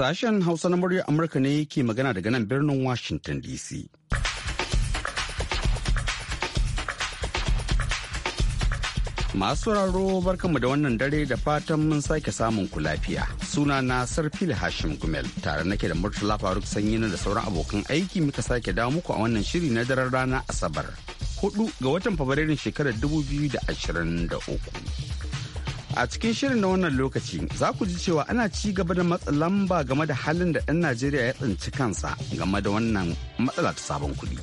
Sashen Hausa na muryar Amurka ne ke magana daga nan birnin Washington DC. Masu raro barkanmu da wannan dare da fatan mun sake samun ku lafiya. Suna na Sarfil Hashim Gumel tare nake da Murtala Faruk Sanyi da sauran abokan aiki muka sake dawo muku a wannan shiri na daren rana Asabar. huɗu ga watan Fabrairun shekarar 2023. A cikin shirin na wannan lokaci za ku ji cewa ana ci gaba da matsa lamba game da halin da 'yan Najeriya ya tsinci kansa game da wannan matsala ta sabon kuɗi.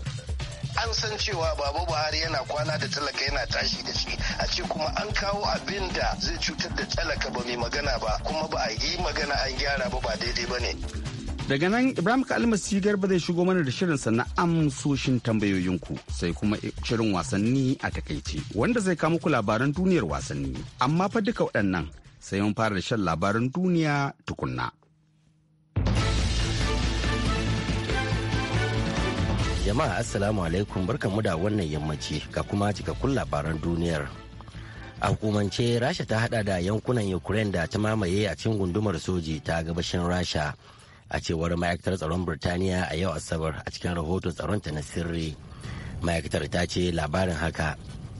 An san cewa Baba Buhari yana kwana da talaka yana tashi da shi a ce kuma an kawo abin da zai cutar da talaka ba mai magana ba kuma ba a yi magana an gyara ba ba daidai ba ne. Daga nan Ibrahim Almasi Garba zai shigo mana da shirinsa na amsoshin tambayoyinku sai kuma shirin wasanni a takaice wanda zai kama ku labaran duniyar wasanni. Amma fa duka waɗannan sai mun fara da shan labaran duniya tukunna. Jama'a Assalamu alaikum mu da wannan yammaci ga kuma cikakkun labaran duniyar. a hukumance rasha ta hada da yankunan ukraine da ta mamaye a cikin gundumar soji ta gabashin rasha a cewar ma'aikatar tsaron birtaniya a yau asabar a cikin rahoton tsaronta na sirri ma'aikatar ta ce labarin haka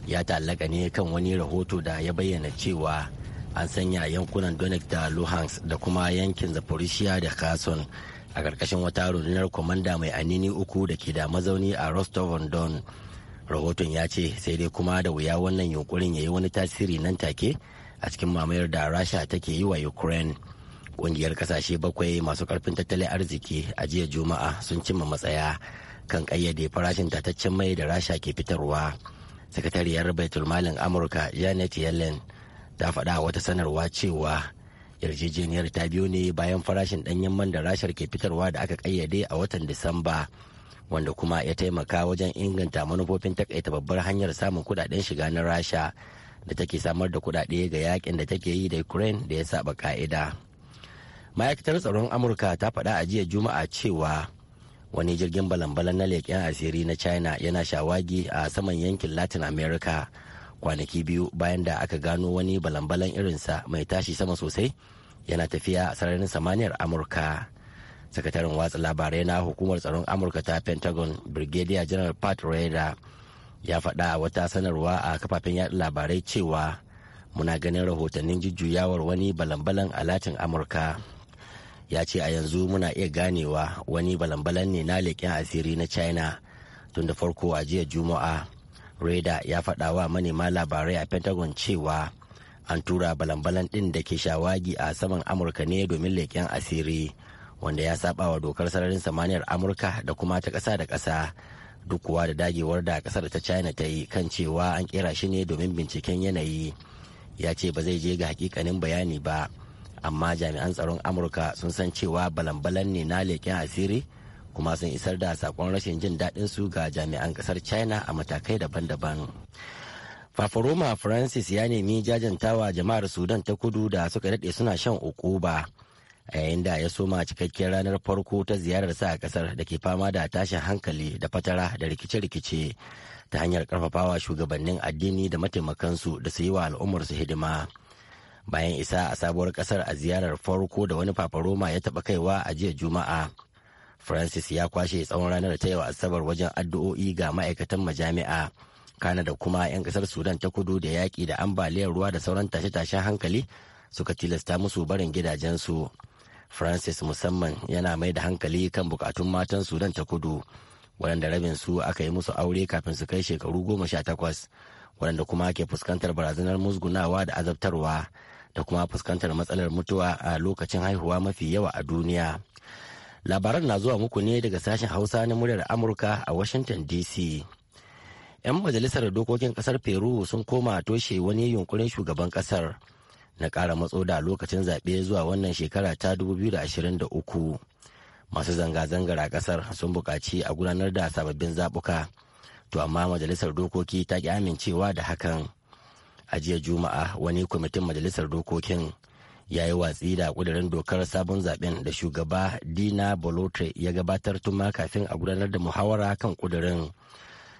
ya ta'allaka ne kan wani rahoto da ya bayyana cewa an sanya yankunan donetsk da luhansk da kuma yankin zaporishiya da kherson a ƙarƙashin wata rundunar kwamanda mai anini uku da ke da mazauni a rostov-on-don rahoton ya ce sai dai kuma da wuya wannan yunkurin ya yi wani tasiri nan take a cikin mamayar da rasha take yi wa ukraine Ƙungiyar ƙasashe bakwai masu ƙarfin tattalin arziki a jiya Juma'a sun cimma matsaya kan ƙayyade farashin tataccen mai da Rasha ke fitarwa. Sakatariyar malin Amurka Janet Yellen ta faɗa wata sanarwa cewa yarjejeniyar ta biyo ne bayan farashin ɗanyen man da rashar ke fitarwa da aka kayyade a watan Disamba. wanda kuma ya taimaka wajen inganta manufofin takaita babbar hanyar samun kudaden shiga na rasha da take samar da kudade ga yakin da take yi da ukraine da ya saba ka'ida ma'aikatar tsaron amurka ta faɗa a jiya juma'a cewa wani jirgin balan-balan na leƙen asiri na china yana shawagi a saman yankin latin america kwanaki biyu bayan da aka gano wani balan-balan irinsa mai tashi sama sosai yana tafiya a sararin samaniyar amurka sakataren watsa labarai na hukumar tsaron amurka ta pentagon brigadier general pat Reda ya faɗa a wata sanarwa a kafafen yaɗa labarai cewa muna ganin rahotannin jujjuyawar wani balan-balan a latin amurka ya ce a yanzu muna iya ganewa wani balambalan ne na leƙen asiri na china tun da farko a jiya juma'a reda ya faɗa wa manema labarai a pentagon cewa an tura balan-balan ɗin da ke shawagi a saman amurka ne domin leƙen asiri wanda ya saba wa dokar sararin samaniyar amurka da kuma ta ƙasa da ƙasa duk kuwa da dagewar da ƙasar ta china ta yi kan cewa an kera shi ne domin binciken yanayi ya ce ba zai je ga hakikanin bayani ba amma jami'an tsaron amurka sun san cewa balan-balan ne na leƙen asiri kuma sun isar da sakon rashin jin daɗin su ga jami'an ƙasar china a matakai daban-daban fafaroma francis ya nemi jajantawa jama'ar sudan ta kudu da suka daɗe suna shan ba a yayin da ya soma cikakkiyar ranar farko ta ziyarar sa a ƙasar da ke fama da tashin hankali da fatara da rikice-rikice ta hanyar karfafawa shugabannin addini da mataimakansu da su yi wa al'ummarsu hidima. bayan isa a sabuwar kasar a ziyarar farko da wani fafaroma ya taɓa kaiwa a jiya juma'a francis ya kwashe tsawon ranar ta yau asabar wajen addu'o'i ga ma'aikatan majami'a kana da kuma 'yan kasar sudan ta kudu da yaƙi da ambaliyar ruwa da sauran tashe-tashen hankali suka tilasta musu barin gidajensu francis musamman yana mai da hankali kan bukatun matan sudan ta kudu waɗanda rabin su aka yi musu aure kafin su kai shekaru goma sha takwas waɗanda kuma ke fuskantar barazanar musgunawa da azabtarwa da kuma fuskantar matsalar mutuwa a lokacin haihuwa mafi yawa a duniya. Labaran na zuwa muku ne daga sashen Hausa na muryar Amurka a Washington DC. 'Yan majalisar dokokin kasar Peru sun koma toshe wani yunkurin shugaban kasar na ƙara matso da lokacin zaɓe zuwa wannan shekara ta 2023. Masu zanga-zangar a ƙasar sun buƙaci a gudanar da sababbin zaɓuka. To amma majalisar dokoki ta ƙi amincewa da hakan. a jiya juma'a wani kwamitin majalisar dokokin ya yi watsi da kudirin dokar sabon zaben da shugaba dina bolotre ya gabatar tuma kafin a gudanar da muhawara kan kudirin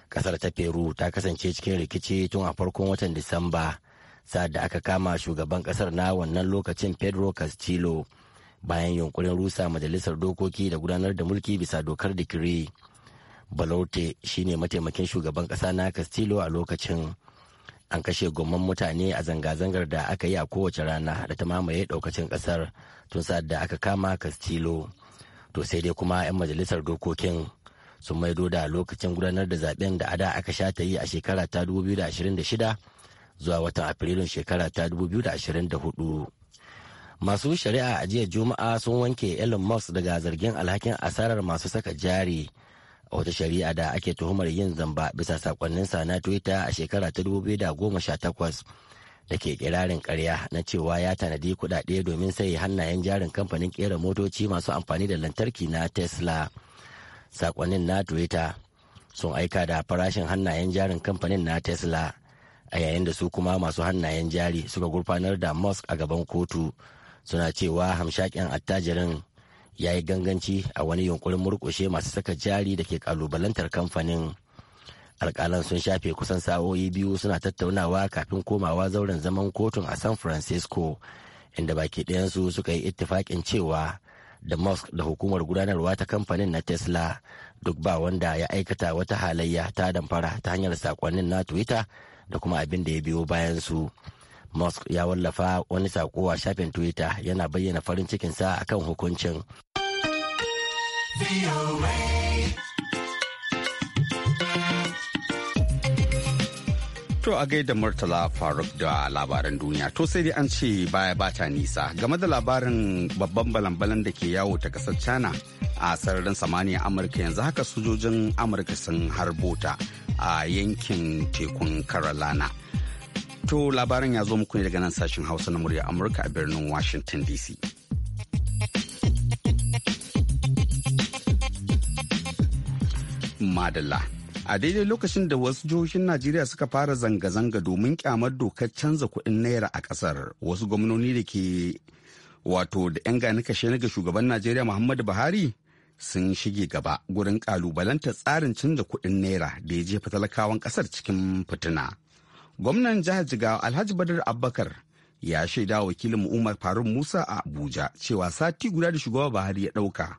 kasar ta peru ta kasance cikin rikici tun a farkon watan disamba sa'ad da aka kama shugaban kasar na wannan lokacin pedro castillo bayan yunkurin rusa majalisar dokoki da gudanar da mulki bisa dokar dikiri balote shine mataimakin shugaban kasa na castillo a lokacin an kashe gomman mutane a zanga-zangar da aka yi a kowace rana da ta mamaye daukacin kasar tun sa da aka kama castillo to sai dai kuma 'yan majalisar dokokin sun maido da lokacin gudanar da zaben da ada aka sha ta yi a shekara ta 2026 zuwa watan afrilun shekara ta 2024 masu shari'a a jiya juma'a sun wanke elon musk daga zargin alhakin asarar masu saka jari a wata shari'a da ake tuhumar yin zamba bisa sakonninsa na twitter a shekara ta 2018 da ke kirarin karya na cewa ya tanadi kudade domin sai hannayen jarin kamfanin kera motoci masu amfani da lantarki na tesla sakonnin na twitter sun aika da farashin hannayen jarin kamfanin na tesla a yayin da su kuma masu hannayen jari suka gurfanar da musk a gaban kotu suna cewa hamshakin attajirin ya yi ganganci a wani yunkurin murkushe masu saka jari da ke kalubalantar kamfanin alkalan sun shafe kusan sa'o'i biyu suna tattaunawa kafin komawa zauren zaman kotun a san francisco inda baki ɗayansu suka yi ittifaƙin cewa da musk da hukumar gudanarwa ta kamfanin na tesla duk ba wanda ya aikata wata halayya ta damfara ta hanyar sakonnin na twitter da kuma abin da ya biyo bayan su musk ya wallafa wani sako a shafin twitter yana bayyana farin cikinsa akan hukuncin To a gaida Murtala Faruk da labaran duniya to sai dai an ce baya bata nisa game da labarin babban balan-balan da ke yawo ta kasar China a sararin samaniya Amurka yanzu haka sojojin Amurka sun harbota a yankin tekun Carolina. To labarin ya zo muku ne daga nan sashen Hausa na murya Amurka a birnin Washington DC. madalla a daidai lokacin da wasu jihohin najeriya suka fara zanga-zanga domin kyamar dokar canza kuɗin naira a ƙasar wasu gwamnoni da ke wato da 'yan gani kashe na ga shugaban najeriya muhammadu buhari sun shige gaba gurin kalubalanta tsarin canza kuɗin naira da ya jefa talakawan ƙasar cikin fitina gwamnan jihar jigawa alhaji badar abbakar ya shaida wakilin umar faruk musa a abuja cewa sati guda da shugaba buhari ya ɗauka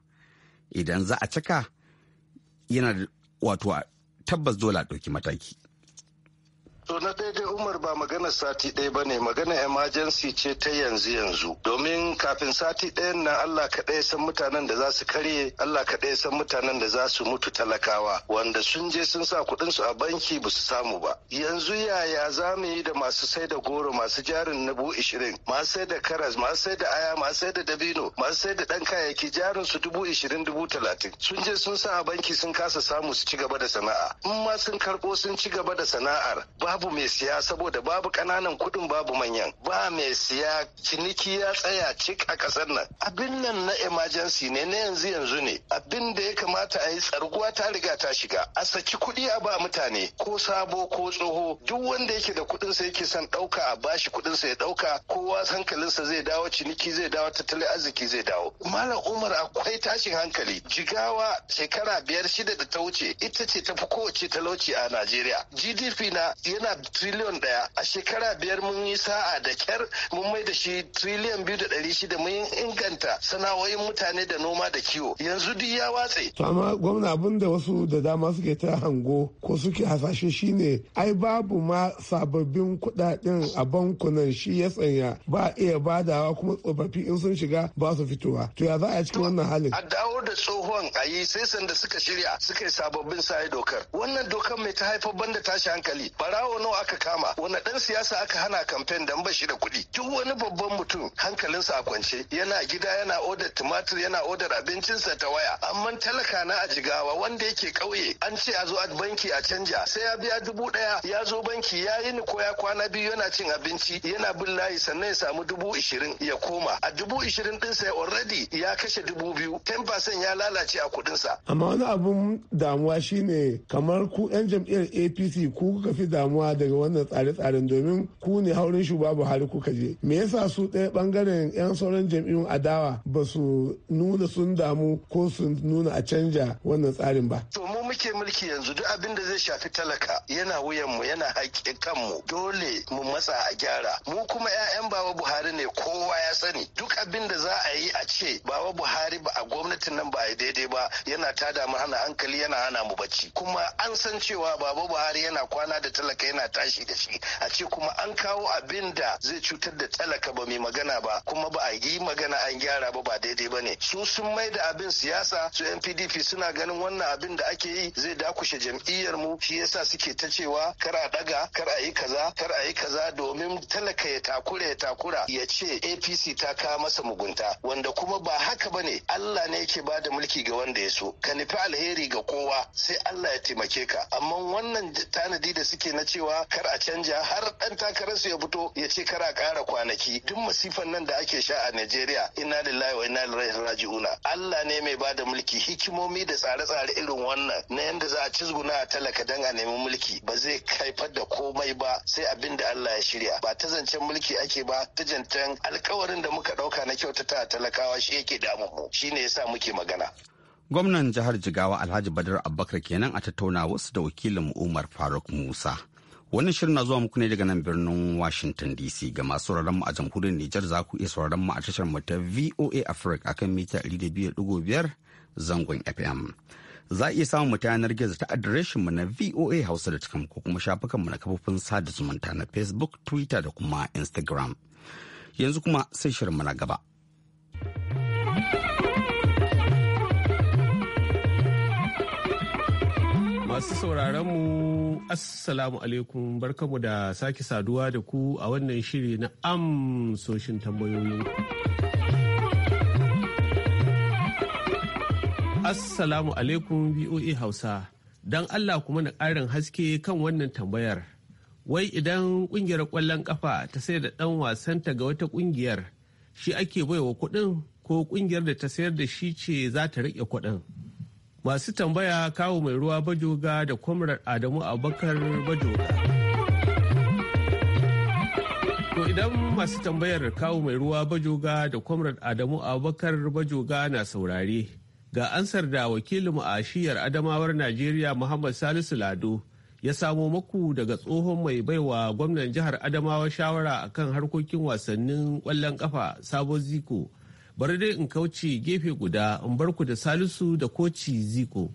idan za a caka yana wato tabbas dole a ɗauki mataki. To na daidai hukumar ba magana sati ɗaya ba ne magana emergency ce ta yanzu yanzu domin kafin sati ɗaya na Allah ka ɗaya san mutanen da za su karye Allah ka ɗaya san mutanen da za su mutu talakawa wanda sun je sun sa kuɗin su a banki ba su samu ba yanzu yaya za mu yi da masu sai da goro masu jarin na bu ishirin masu sai da karas masu sai da aya masu sai da dabino masu sai da ɗan kayayyaki jarin su dubu ishirin dubu talatin sun je sun sa a banki sun kasa samu su ci gaba da sana'a in ma sun karɓo sun ci gaba da sana'ar babu mai siyasa saboda babu ƙananan kuɗin babu manyan ba mai siya ciniki ya tsaya cik a ƙasar nan abin nan na emergency ne na yanzu yanzu ne abin da ya kamata a yi tsarguwa ta riga ta shiga a saki kuɗi a ba mutane ko sabo ko tsoho duk wanda yake da kuɗin sa yake son ɗauka a bashi kuɗin sa ya ɗauka kowa sa zai dawo ciniki zai dawo tattalin arziki zai dawo malam umar akwai tashin hankali jigawa shekara biyar shida da ta wuce ita ce tafi kowace talauci a najeriya gdp na yana trillion. daya a shekara biyar mun yi sa'a da kyar mun mai da shi triliyan biyu da ɗari shida mun inganta sana'o'in mutane da noma da kiwo yanzu duk ya watse. to amma gwamna abin da wasu da dama suke ta hango ko suke hasashe shine ai babu ma sababbin kuɗaɗen a bankunan shi ya tsanya ba iya badawa kuma tsofaffi in sun shiga ba su fitowa to ya za a cikin wannan halin. a dawo da tsohon a yi sai sanda suka shirya suka yi sababbin sa dokar wannan dokar mai ta haifar banda tashi hankali barawo nawa aka kama ba wani dan siyasa aka hana kamfen dan ba shi da kuɗi duk wani babban mutum hankalinsa a kwance yana gida yana odar tumatir yana odar abincinsa ta waya amma talaka na a jigawa wanda yake kauye. an ce a zo a banki a canja sai ya biya dubu ɗaya ya zo banki ya yi ni ko ya kwana biyu yana cin abinci yana bin layi sannan ya samu dubu ishirin ya koma a dubu ishirin ɗinsa ya already ya kashe dubu biyu ten ya lalace a kuɗinsa. amma wani abun damuwa shine kamar ku 'yan jam'iyyar apc ku kuka fi damuwa daga wannan tsare-tsaren domin ku ne haurin shugaba buhari kuka je me yasa su ɗaya bangaren yan sauran jam'iyyun adawa ba su nuna sun damu ko su nuna a canja wannan tsarin ba to mu muke mulki yanzu duk abin da zai shafi talaka yana wuyan mu yana haƙƙin kanmu dole mu matsa a gyara mu kuma 'ya'yan baba buhari ne kowa ya sani duk abin da za a yi a ce baba buhari ba a gwamnatin nan ba daidai ba yana tada mu hana hankali yana hana mu bacci kuma an san cewa baba buhari yana kwana da talaka yana tashi da shi a ce kuma an kawo abin da zai cutar da talaka ba mai magana ba kuma ba a yi magana an gyara ba ba daidai ba ne su sun mai da abin siyasa su NPDP suna ganin wannan abin da ake yi zai dakushe jam'iyyar mu shi yasa suke ta cewa kar a daga kar a yi kaza kar a yi kaza domin talaka ya takura ya takura ya ce apc ta kawo masa mugunta wanda kuma ba haka ba ne allah ne yake ba da mulki ga wanda ya so ka nufi alheri ga kowa sai allah ya taimake ka amma wannan tanadi da suke na cewa kar a ce canja har ɗan takararsu ya fito ya ce kara kara kwanaki duk masifan nan da ake sha a Najeriya inna lillahi wa inna ilaihi raji'una Allah ne mai bada mulki hikimomi da tsare-tsare irin wannan na yanda za a cizguna a talaka dan a nemi mulki ba zai kaifar da komai ba sai abin da Allah ya shirya ba ta zancen mulki ake ba ta jantan alkawarin da muka ɗauka na kyautata talakawa shi yake damu mu Shi ne yasa muke magana gwamnan jihar jigawa alhaji badar abubakar kenan a tattauna wasu da wakilin umar faruk musa Wannan shirin na zuwa muku ne daga nan birnin Washington DC ga masu sauraron mu a jamhuriyar Nijar za ku iya sauraron mu a tashar mu ta VOA Africa akan mita 200.5 zangon FM. Za a iya samun mu ta yanar gizo ta adireshin mu na VOA Hausa da cikin ko kuma shafukan mu na kafofin sada zumunta na Facebook, Twitter da kuma Instagram. Yanzu kuma sai shirin mu na gaba. Masu sauraronmu Assalamu alaikum barkamu da sake saduwa da ku a wannan shiri na amsoshin tambayoyi. Assalamu alaikum VOA Hausa. Don Allah kuma na ƙarin haske kan wannan tambayar. Wai idan ƙungiyar ƙwallon ƙafa ta sayar da ɗan wasanta ga wata ƙungiyar, shi ake baiwa kuɗin ko ƙungiyar da ta sayar da shi ce za ta riƙe kuɗin. masu tambaya kawo mai ruwa bajoga da kwamrar adamu abubakar bajoga to idan masu tambayar kawo mai ruwa bajoga da kwamrar adamu abubakar bajoga na saurare ga ansar da wakilin a shiyar adamawar najeriya muhammad salisu lado ya samo maku daga tsohon mai baiwa gwamnan jihar adamawa shawara akan harkokin wasannin kwallon kafa sabo ziko bari dai in kauce gefe guda in barku da salisu da koci ziko.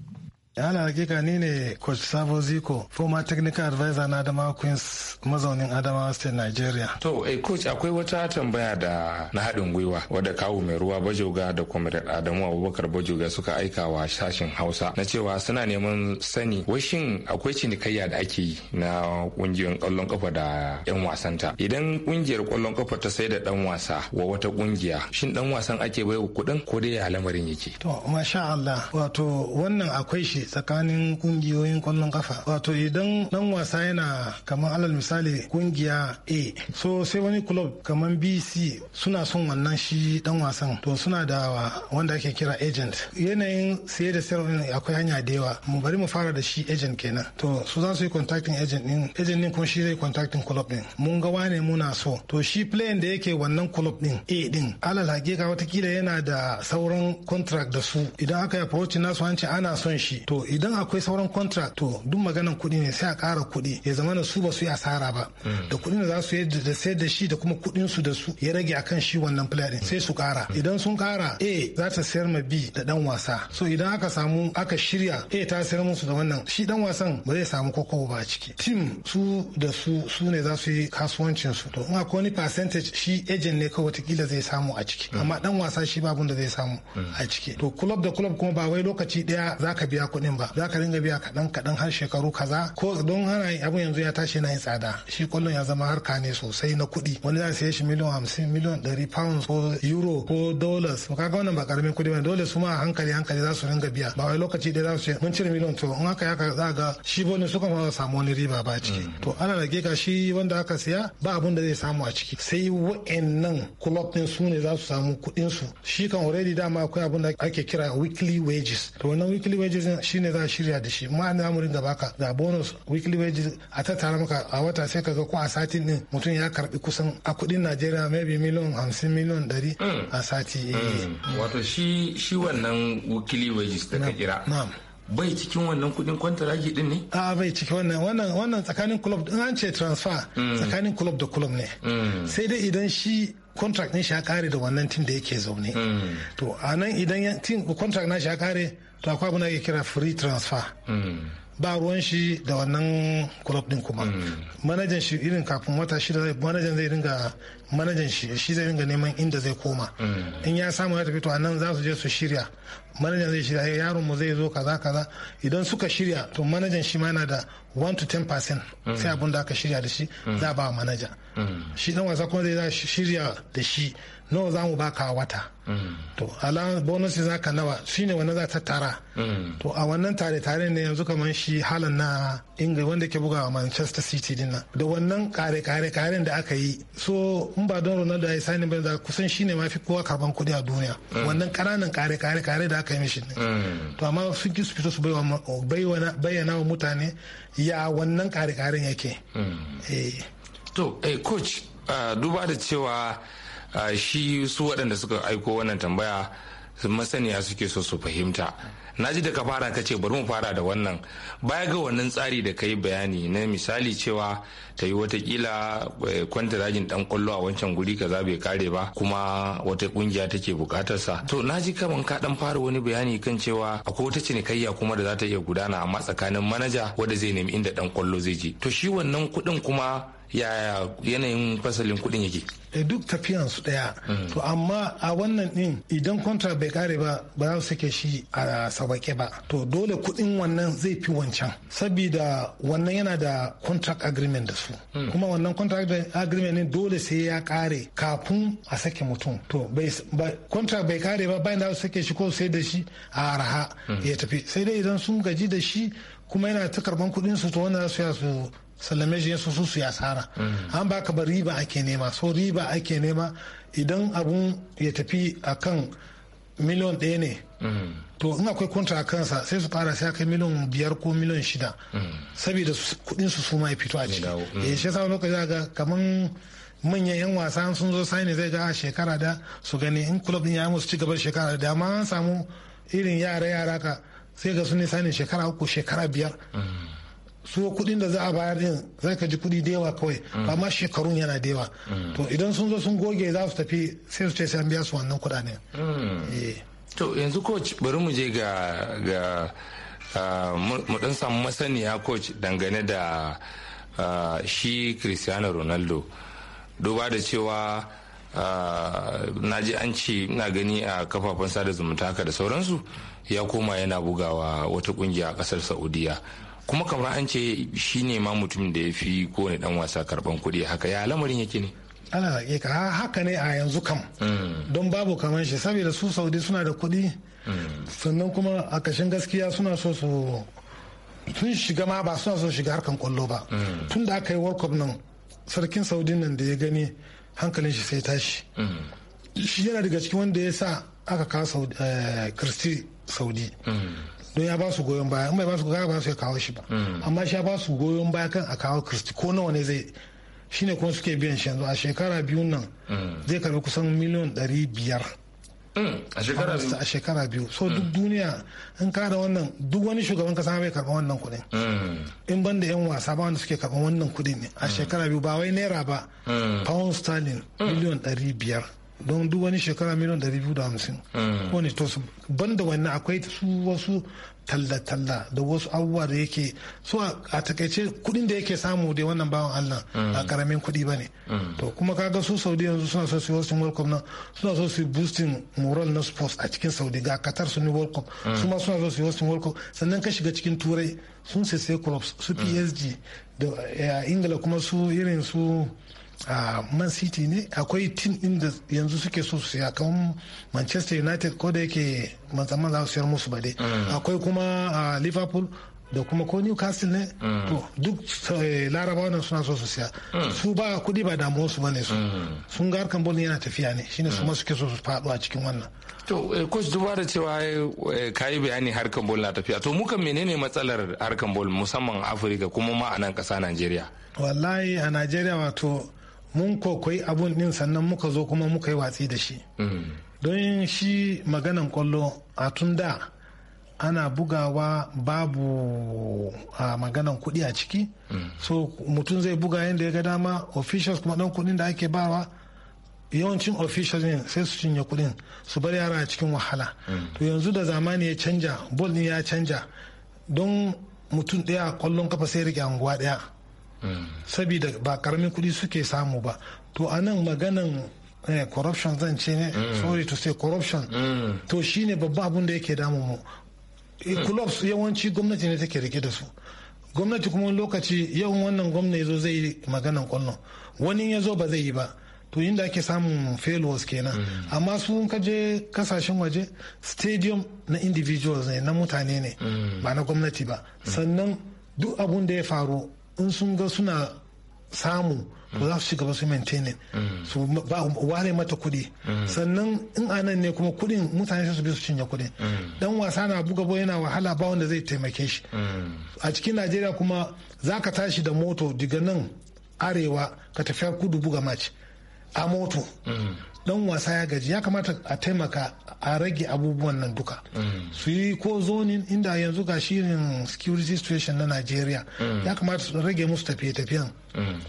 na hakika ni ne coach sabo ziko former technical advisor na adamawa queens mazaunin adamawa state nigeria to eh coach akwai wata tambaya da na haɗin gwiwa wadda kawo mai ruwa bajoga da comrade adamu abubakar bajoga suka aika wa sashen hausa na cewa suna neman sani washin akwai cinikayya da ake yi na ƙungiyar kwallon kafa da yan wasanta idan ƙungiyar kwallon kafa ta sai da dan wasa wa wata ƙungiya shin dan wasan ake baiwa kuɗin ko dai ya lamarin yake to masha Allah wato wannan akwai shi tsakanin kungiyoyin kwallon kafa wato idan dan wasa yana kamar alal misali kungiya a so sai wani club kamar bc suna son wannan shi dan wasan to suna da wanda ake kira agent yanayin siye da sayarwa akwai hanya da yawa mu bari mu fara da shi agent kenan to su za su yi contacting agent din agent din kuma shi zai contacting club din mun ga wane muna so to shi player da yake wannan club din a din alal hakika kila yana da sauran contract da su idan aka yi approach nasu an ce ana son shi to to idan akwai sauran contract to duk maganan kuɗi ne sai a ƙara kuɗi ya zama na su ba su yi asara ba mm. da kuɗin da za su yi da sayar da shi da kuma kuɗin su da su ya rage akan shi wannan player sai su ƙara mm. idan sun ƙara A za ta sayar ma B da dan wasa so idan aka samu aka shirya A ta sayar musu da wannan shi dan wasan ba zai samu koko ba a ciki tim su da su su ne za su yi kasuwancin su to in akwai wani percentage shi agent ne kawai watakila zai samu a ciki mm. amma dan wasa shi babun da zai samu a ciki to club da club kuma ba wai lokaci daya za zaka biya kuɗi kuɗin ba za ka ringa biya kaɗan kaɗan har shekaru kaza ko don hana abin yanzu ya tashi na yin tsada shi kwallon ya zama harka ne sosai na kuɗi wani za siye shi miliyan hamsin miliyan ɗari pounds ko euro ko dollars ka ga wannan ba karamin kuɗi ba dole su ma hankali hankali za su ringa biya ba wai lokaci ɗaya za su ce mun cire miliyan to in haka ka za ga shi bonus suka ma samu wani riba ba ciki mm. to ana da ka shi wanda aka siya ba abin da zai samu a ciki sai wa'annan club din su ne za su samu kuɗin su shi kan already dama akwai abin da ake kira weekly wages to weekly wages ne za a shirya da shi ma na murin da baka da bonus weekly wages a tattara maka a wata sai ka ga ko a satin din mutum ya karbi kusan a kudin Najeriya maybe miliyan hamsin miliyan dari. a sati. Mm. Mm. Wato shi wannan weekly wages da ka kira. bai cikin wannan kudin kwantaragi din ne? A bai cikin wannan wannan wannan tsakanin club din an ce transfer mm. tsakanin club da club ne. Sai dai idan shi contract ne shi ya kare da wannan team da yake zaune. To a nan idan team contract na shi ya kare to akwai abin da ake kira free transfer hmm. ba ruwan shi da wannan club din kuma hmm. manajan shi irin kafin wata shida manajan zai dinga manajan shi shi zai dinga neman inda zai koma hmm. in ya samu ya tafi to nan za su je su shirya manajan zai shirya yaron mu zai zo kaza kaza idan suka shirya to manajan shi ma yana da 1 to 10 percent sai abin da aka shirya da shi za ba manaja shi dan wasa kuma zai shirya da shi nawa za mu baka a wata mm. to bonus za ka nawa shine wannan za ta tara mm. to a wannan tare tare ne yanzu kamar shi halin na inga wanda ke bugawa manchester city din nan da wannan kare kare karen da aka yi so in ba don ronaldo ya sani ba kusan shine mafi kowa karban kudi a duniya mm. wannan kananan kare kare kare da aka yi mishi ne to amma sun ki su fito su bayyana wa mutane ya wannan kare karen yake eh. to eh coach ah, duba da cewa A shi su waɗanda suka aiko wannan tambaya masaniya suke so su fahimta na ji da ka fara ka ce bari mu fara da wannan baya ga wannan tsari da ka yi bayani na misali cewa ta yi watakila eh, kwanta dajin dan kwallo a wancan guri kaza bai kare ba kuma wata kungiya take bukatarsa to na ji kaman ka dan fara wani bayani kan cewa akwai wata cinikayya kuma da za ta iya gudana amma tsakanin manaja wanda zai nemi inda dan kwallo zai je to shi wannan kuɗin kuma yaya yanayin fasalin kuɗin yake da eh, duk tafiyan su daya hmm. to amma a wannan din idan contract bai kare ba ba za su sake shi a sabake ba to dole kuɗin wannan zai fi wancan saboda wannan yana da contract agreement da su hmm. kuma wannan contract agreement din dole sai ya kare kafin a sake mutum to contract bai kare ba bayan da su sake shi ko sai da shi a araha hmm. ya tafi sai dai idan sun gaji da shi kuma yana ta karban kuɗin su to wanda za su ya su sallame shi su su ya tsara. an baka ba riba ake nema so riba ake nema idan abun ya tafi akan miliyan daya ne to in akwai kunta a kansa sai su fara sai kai miliyan biyar ko miliyan shida saboda kuɗin su su ya fito a ciki ya eh, shi wani lokaci ga kaman manyan yan wasa sun zo sai ne zai ga ah, shekara da su gani in club din ya musu ci gaba shekara da ma an samu irin yara yara ka sai ga sun ne shekara uku shekara biyar su kuɗin da za a bayar din zai ka ji kuɗi da yawa kawai ba mm. ma shekarun yana da yawa mm. to idan sun zo sun goge za su tafi sai su ce sai an biya su wannan kudane mm. eh. to yanzu coach bari mu je ga ga ah, mu dan samu masaniya coach dangane da ah, shi cristiano ronaldo duba da cewa ah, na ji an ce na gani a kafafen sada zumunta haka da sauransu ya koma yana bugawa wata kungiya a kasar saudiya kuma kamar an ce shi ne ma mutum da ya fi kowane dan wasa karban kuɗi haka ya lamarin yake ne ana hakika haka ne a yanzu kam mm. don babu kamar shi saboda su saudi suna da kuɗi mm. sannan kuma a kashin gaskiya suna so su sun shiga ma ba suna so shiga harkan kwallo ba mm. tun da aka yi world nan sarkin saudi nan da ya gani hankalin shi sai tashi shi yana daga cikin wanda ya sa aka kawo kristi saudi eh, don ya ba su goyon baya in bai ba su goyon ba su ya kawo shi ba hmm. amma shi ya ba su goyon baya kan a kawo kristi ko nawa ne zai shine kuma suke biyan shi yanzu a shekara biyu nan hmm. zai karbi kusan miliyan ɗari biyar hmm. a shekara biyu so duk duniya in kada wannan duk wani shugaban kasa bai karɓi wannan kuɗin in ban da 'yan wasa ba wanda suke karɓa wannan kuɗin ne a shekara biyu ba wai naira ba pound sterling miliyan ɗari biyar don duk wani shekara miliyan ɗari biyu da hamsin wani hmm. to su banda wannan akwai su wasu talla-talla da wasu abubuwa da yake so a takaice kudin da yake samu da wannan bawan allah a karamin hmm. kudi ba ne hmm. to kuma kaga su saudi yanzu suna so su yi wasu world cup na suna so su yi boosting moral na sports a cikin saudi ga qatar su yi world cup su ma suna so su yi wasu world cup sannan ka shiga cikin turai sun sai clubs su psg da eh, ingila kuma su irin su a man city ne akwai tim din da yanzu suke so su siya kamar manchester united ko da yake ban maza za su siyar musu ba dai mm. akwai kuma liverpool da kuma ko newcastle ne mm. to duk eh, larabawa suna so su siya mm. su ba kudi ba damuwar su bane su sun ga harkan bolin yana tafiya ne shine su ma suke so su faɗo a cikin wannan to eh, coach duba da cewa eh, kayi bayani harkar bol na tafiya to mukan menene matsalar harkar bol musamman afirka kuma ma a nan ƙasa najeriya wallahi a najeriya wato mun kokoyi abun din sannan muka zo kuma muka yi watsi da shi don shi maganan kwallo a tun da ana bugawa babu a maganan kuɗi a ciki so mutum zai buga yadda ya ga dama officials kuma ɗan kuɗin da ake bawa yawancin officials ne sai su cinye kuɗin su bar yara a cikin wahala to yanzu da zamani ya canja bol ya canja don mutum ɗaya kwallon kafa sai rike anguwa ɗaya saboda ba karamin kuɗi suke samu ba to anan nan maganan eh, corruption zan ce ne mm. sorry to say corruption mm. to shine babba abun da yake damu mu eh, mm. clubs yawanci gwamnati ne take rike da su gwamnati kuma lokaci yawan wannan gwamna ya zai yi maganan kwallon wani ya zo ba zai yi ba to inda ake samun failures kenan amma su ka kaje kasashen waje stadium na individuals ne na mutane ne ba na gwamnati ba sannan duk abun da ya faru in sun ga suna samu ba za su ci gaba su maintaining su ware mata kuɗi sannan in anan ne kuma kuɗin mutane su bi su cinye kuɗin dan wasa na buga bo yana wahala ba wanda zai taimake shi a cikin najeriya kuma za ka tashi da moto daga nan arewa ka tafiya kudu buga match a moto dan wasa ya gaji ya kamata a taimaka a rage abubuwan nan duka mm. su yi ko zonin inda yanzu ga shirin security situation na nigeria mm. ya kamata su rage musu tafiye-tafiyen mm.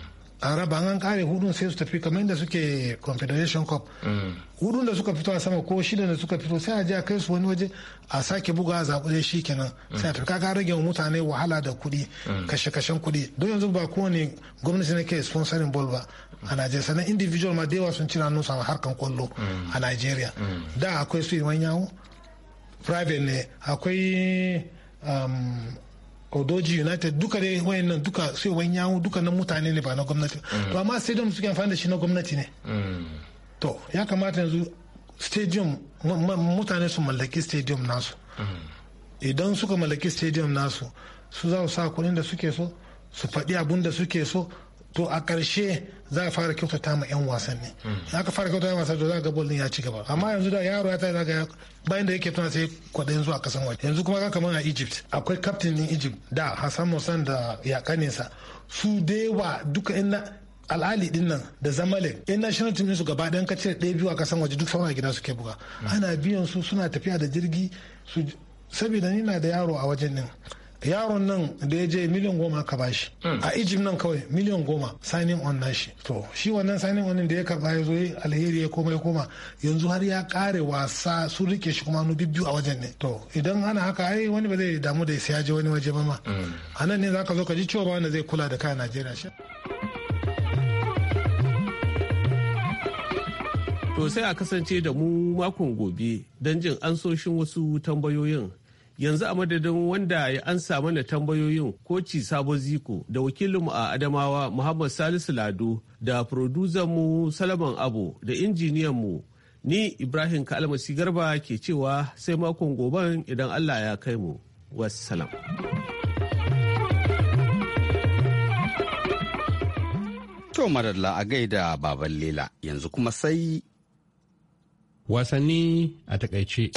a raba an kare hudun sai su tafi kamar yadda suke confederation cup mm. hudun da suka fito a sama ko shida da suka fito sai a je a kai su wani waje a sake buga a zaɓe shi kenan mm. sai a fi kaka rage wa mutane wahala da kuɗi mm. kashe-kashen kuɗi don yanzu ba kowane gwamnati na ke sponsorin ball ba a Najeriya sannan individual ma da yawa sun cira nusa harkan kwallo a Najeriya da akwai su yawo private ne akwai um, odoji united duka dai nan duka sai wani yawo duka nan mutane ne ba na gwamnati mm. to amma stadium suke amfani da shi na gwamnati ne mm. to ya kamata yanzu stadium mutane su mallaki stadium nasu mm. idan suka mallaki stadium nasu su za su sa kuɗin da suke so su faɗi abun da suke so to a ƙarshe za a fara kyautata ma 'yan wasan ne hmm. in aka fara kyautata ma wasan to za ga bol din ya ci gaba amma yanzu da yaro ya ta ga bayan da yake tuna sai kwaɗayin zuwa kasan waje yanzu kuma ga kamar a egypt akwai captain din egypt da hassan musan da yakaninsa su wa duka inda al'ali din nan da zamalek in national team su gaba ɗayan kacce ɗaya biyu a kasan waje duk sauran gida suke buga hmm. ana biyan su suna tafiya da jirgi su saboda ni na da yaro a wajen nan yaron nan da ya je miliyan goma aka bashi hmm. a egypt nan kawai miliyan goma signing on na shi. to shi wannan signing on da ya karba ya zo alheri ya koma ya koma yanzu har ya kare wasa sun rike shi kuma hannu bibbiyu a wajen ne to idan ana haka ai wani ba zai damu da sai ya je wani waje ba ma hmm. a nan ne zaka zo ka ji cewa wanda zai kula da kayan najeriya shi To sai a kasance da mu makon gobe don jin ansoshin wasu tambayoyin yanzu a madadin wanda ya samu mana tambayoyin koci sabo ziko da wakilinmu a adamawa muhammad salisu lado da mu salaman abu da injiniyanmu ni ibrahim kalmasi garba ke cewa sai makon goban idan allah ya kai mu wassalam to madalla a gaida baban lela yanzu kuma sai wasanni a takaice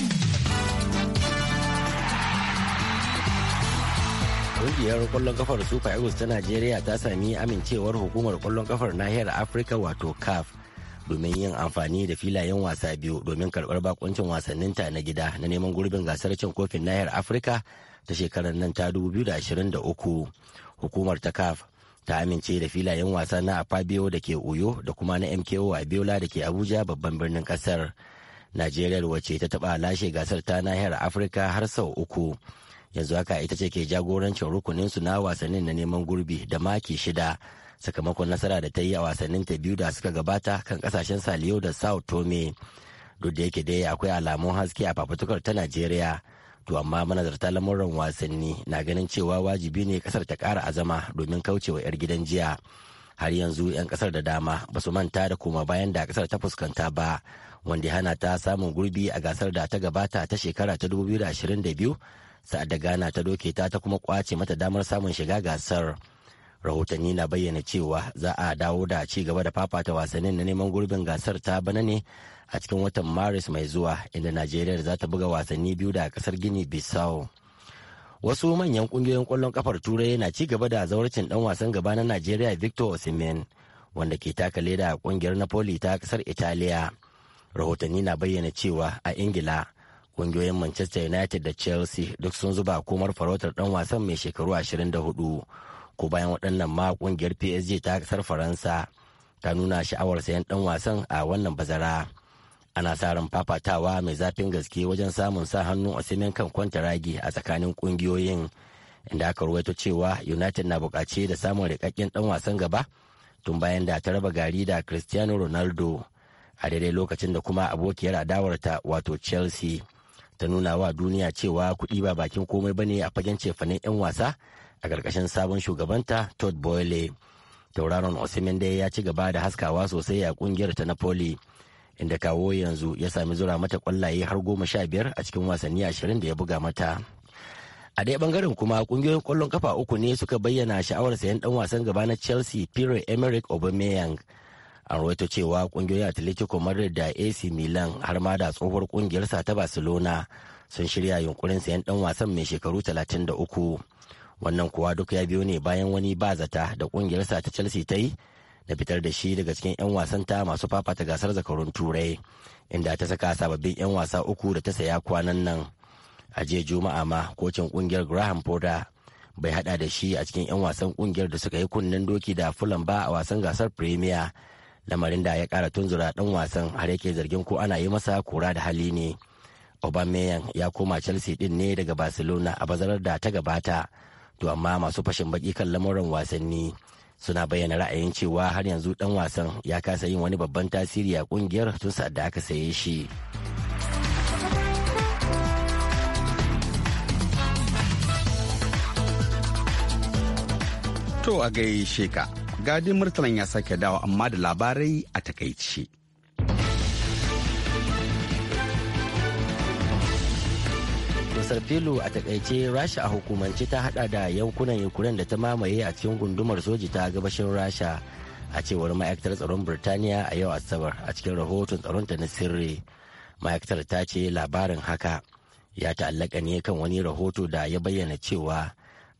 Kungiyar kwallon kafar Super Eagles ta Najeriya ta sami amincewar hukumar kwallon kafar nahiyar Afirka wato CAF domin yin amfani da filayen wasa biyu domin karbar bakuncin wasannin ta na gida na neman gurbin gasar cin kofin nahiyar Afirka ta shekarar nan ta 2023. Hukumar ta CAF ta amince da filayen wasa na Afabio da ke Uyo da kuma na MKO Abiola da ke Abuja babban birnin kasar. Najeriya wacce ta taɓa lashe gasar ta nahiyar Afirka har sau uku. yanzu haka ita ce ke jagorancin rukunin su na wasannin na neman gurbi da maki shida sakamakon nasara da ta yi a wasannin ta biyu da suka gabata kan kasashen saliyo da sao tome duk da yake dai akwai alamun haske a fafutukar ta najeriya to amma manazarta lamuran wasanni na ganin cewa wajibi ne kasar ta kara azama domin kaucewa 'yar gidan jiya har yanzu 'yan kasar da dama ba su manta da koma bayan da kasar ta fuskanta ba wanda hana ta samun gurbi a gasar da ta gabata ta shekara ta 2022 sa'ad da ghana ta doke ta ta kuma kwace mata damar samun shiga gasar rahotanni na bayyana cewa za a dawo da ci gaba da fafata wasannin na neman gurbin gasar ta bana ne a cikin watan maris mai zuwa inda najeriya za ta buga wasanni biyu da kasar gini bissau wasu manyan kungiyoyin kwallon kafar turai na ci gaba da zawarcin dan wasan gaba na najeriya victor osimhen wanda ke taka leda a kungiyar napoli ta kasar italiya rahotanni na bayyana cewa a ingila kungiyoyin manchester united da chelsea duk sun zuba komar farautar dan wasan mai shekaru 24 ko bayan waɗannan ma kungiyar psg ta kasar faransa ta nuna sha'awar sayan dan wasan a wannan bazara ana sa ran fafatawa mai zafin gaske wajen samun sa hannu a simen kan ragi a tsakanin kungiyoyin inda aka ruwaito cewa united na bukaci da samun rikakken dan wasan gaba tun bayan da ta raba gari da cristiano ronaldo a daidai lokacin da kuma abokiyar adawarta wato chelsea ta nuna wa duniya cewa kuɗi ba bakin komai bane a fagen cefanen 'yan wasa a ƙarƙashin sabon shugabanta Todd Boyle. Tauraron Osimhen dai ya ci gaba da haskawa sosai a ƙungiyar ta Napoli inda kawo yanzu ya sami zura mata ƙwallaye har goma sha biyar a cikin wasanni ashirin da ya buga mata. A ɗaya ɓangaren kuma ƙungiyoyin ƙwallon kafa uku ne suka bayyana sha'awar sayan ɗan wasan gaba na Chelsea Pierre Emerick Aubameyang an rawaito cewa kungiyoyin atletico madrid da ac milan har ma da tsohuwar kungiyarsa ta barcelona sun shirya yunkurin sayan dan wasan mai shekaru 33 wannan kuwa duk ya biyo ne bayan wani ba zata da kungiyarsa ta chelsea ta yi da fitar da shi daga cikin 'yan wasan ta masu fafata gasar zakarun turai inda ta saka sababbin 'yan wasa uku da ta saya kwanan nan a jiya juma'a ma kocin kungiyar graham potter bai hada da shi a cikin 'yan wasan kungiyar da suka yi kunnen doki da fulan ba a wasan gasar premier lamarin da ya kara tunzura dan wasan har yake zargin ko ana yi masa kura da hali ne Aubameyang ya koma Chelsea din ne daga Barcelona a bazarar da ta gabata to amma masu fashin baki kan lamuran wasanni suna bayyana ra'ayin cewa har yanzu dan wasan ya kasa yin wani babban tasiri a kungiyar tun da aka saye shi to a gaishe ka ga murtalan ya sake dawo amma da labarai a takaice. Dusar filu a takaice Rasha a hukumance ta hada da yankunan Ukraine da ta mamaye a cikin gundumar soji ta gabashin Rasha a cewar ma'aikatar tsaron Birtaniya a yau Asabar a cikin rahoton tsaronta na sirri. Ma'aikatar ta ce labarin haka ya ta'allaka ne kan wani rahoto da ya bayyana cewa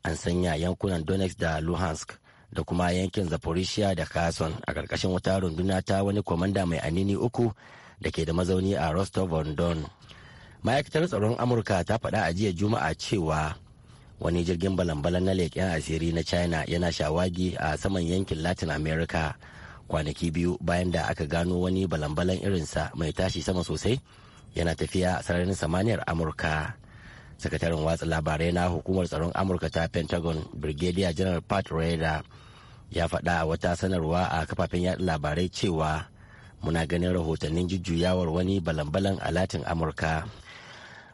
an sanya yankunan Donetsk da Luhansk da kuma yankin zaporishiya da kason a ƙarƙashin wata runduna ta wani kwamanda mai anini uku da ke da mazauni a rostov on don ma'aikatar tsaron amurka ta faɗa a jiya juma'a cewa wani jirgin balan-balan na leƙen asiri na china yana shawagi a saman yankin latin america kwanaki biyu bayan da aka gano wani balan-balan irinsa mai tashi sama sosai yana tafiya a sararin samaniyar amurka sakataren watsa labarai na hukumar tsaron amurka ta pentagon brigadier general pat Reda ya faɗa a wata sanarwa a kafafen yaɗa labarai cewa muna ganin rahotannin jujjuyawar wani balan-balan a latin amurka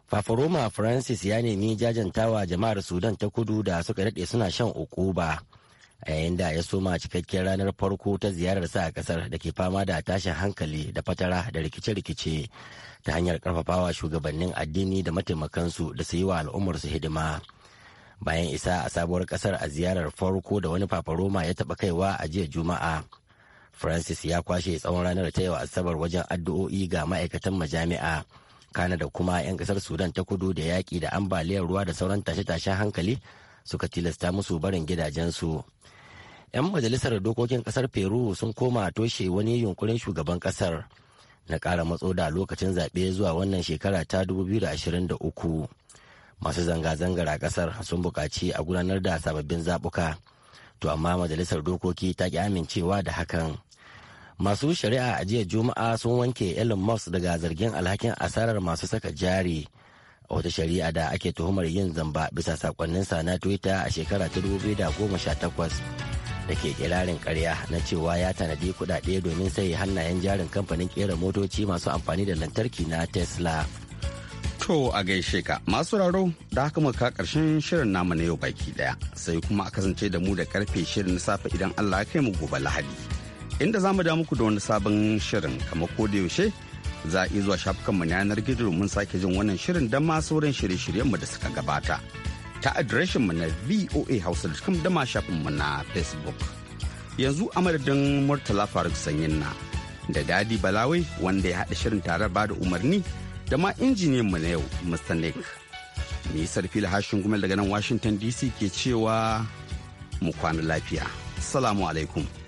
faforoma francis ya nemi jajantawa jama'ar sudan ta kudu da suka daɗe suna shan ukuba a yayin da ya soma cikakken ranar farko ta ziyararsa a kasar da ke fama da tashin hankali da fatara da rikice-rikice ta hanyar karfafawa shugabannin addini da mataimakansu da su yi wa al'ummarsu hidima bayan isa a sabuwar kasar a ziyarar farko da wani fafaroma ya taɓa kaiwa a jiya juma'a francis ya kwashe tsawon ranar ta yau asabar wajen addu'o'i ga ma'aikatan majami'a kana da kuma 'yan kasar sudan ta kudu da yaƙi da ambaliyar ruwa da sauran tashe-tashen hankali suka tilasta musu barin gidajensu 'yan majalisar dokokin kasar peru sun koma toshe wani yunkurin shugaban kasar na ƙara matso da lokacin zaɓe zuwa wannan shekara ta 2023 masu zanga-zangar a ƙasar sun buƙaci a gudanar da sababbin zaɓuka to amma majalisar dokoki ta ƙi amincewa da hakan masu shari'a a jiya juma'a sun wanke elon musk daga zargin alhakin asarar masu saka jari a wata shari'a da ake tuhumar yin zamba bisa sakonninsa na twitter a shekara ta 2018 da ke kirarin karya na cewa ya tanadi kudade domin sai hannayen jarin kamfanin kera motoci masu amfani da lantarki na tesla to a gaishe ka masu raro da haka muka karshen shirin namu na yau baki daya sai kuma a kasance da mu da karfe shirin na safe idan allah ya kai mu gobe lahadi inda za mu da muku da wani sabon shirin kamar ko da yaushe za a iya zuwa shafukanmu na yanar gizo mun sake jin wannan shirin don ma sauran shirye-shiryenmu da suka gabata ta adireshinmu na voa hausa da ma na facebook yanzu a madadin murtala faruk sanyin na da dadi balawai wanda ya haɗa shirin tare ba da umarni da ma injiniyan mu na yau mr nick ni sarfi hashin gumel daga nan washington dc ke cewa mu kwana lafiya salamu alaikum